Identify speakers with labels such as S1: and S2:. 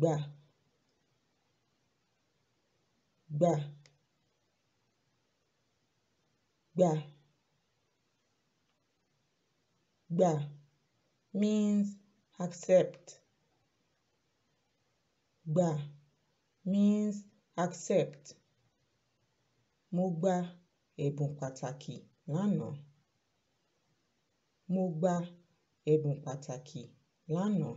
S1: gbà gbà
S2: gbà gbà means accept gbà means accept mo gba ẹ̀bùn pàtàkì lánàá mo gba ẹ̀bùn pàtàkì lánàá